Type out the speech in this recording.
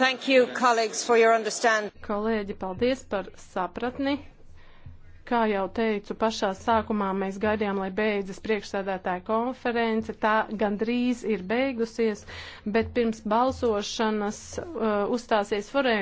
Thank you, colleagues, for your understanding. Kolēģi, paldies par sapratni. Kā jau teicu, pašā sākumā mēs gaidījām, lai beidzas priekšsēdētāja konference. Tā gandrīz ir beigusies, bet pirms balsošanas uh, uzstāsies Forēna.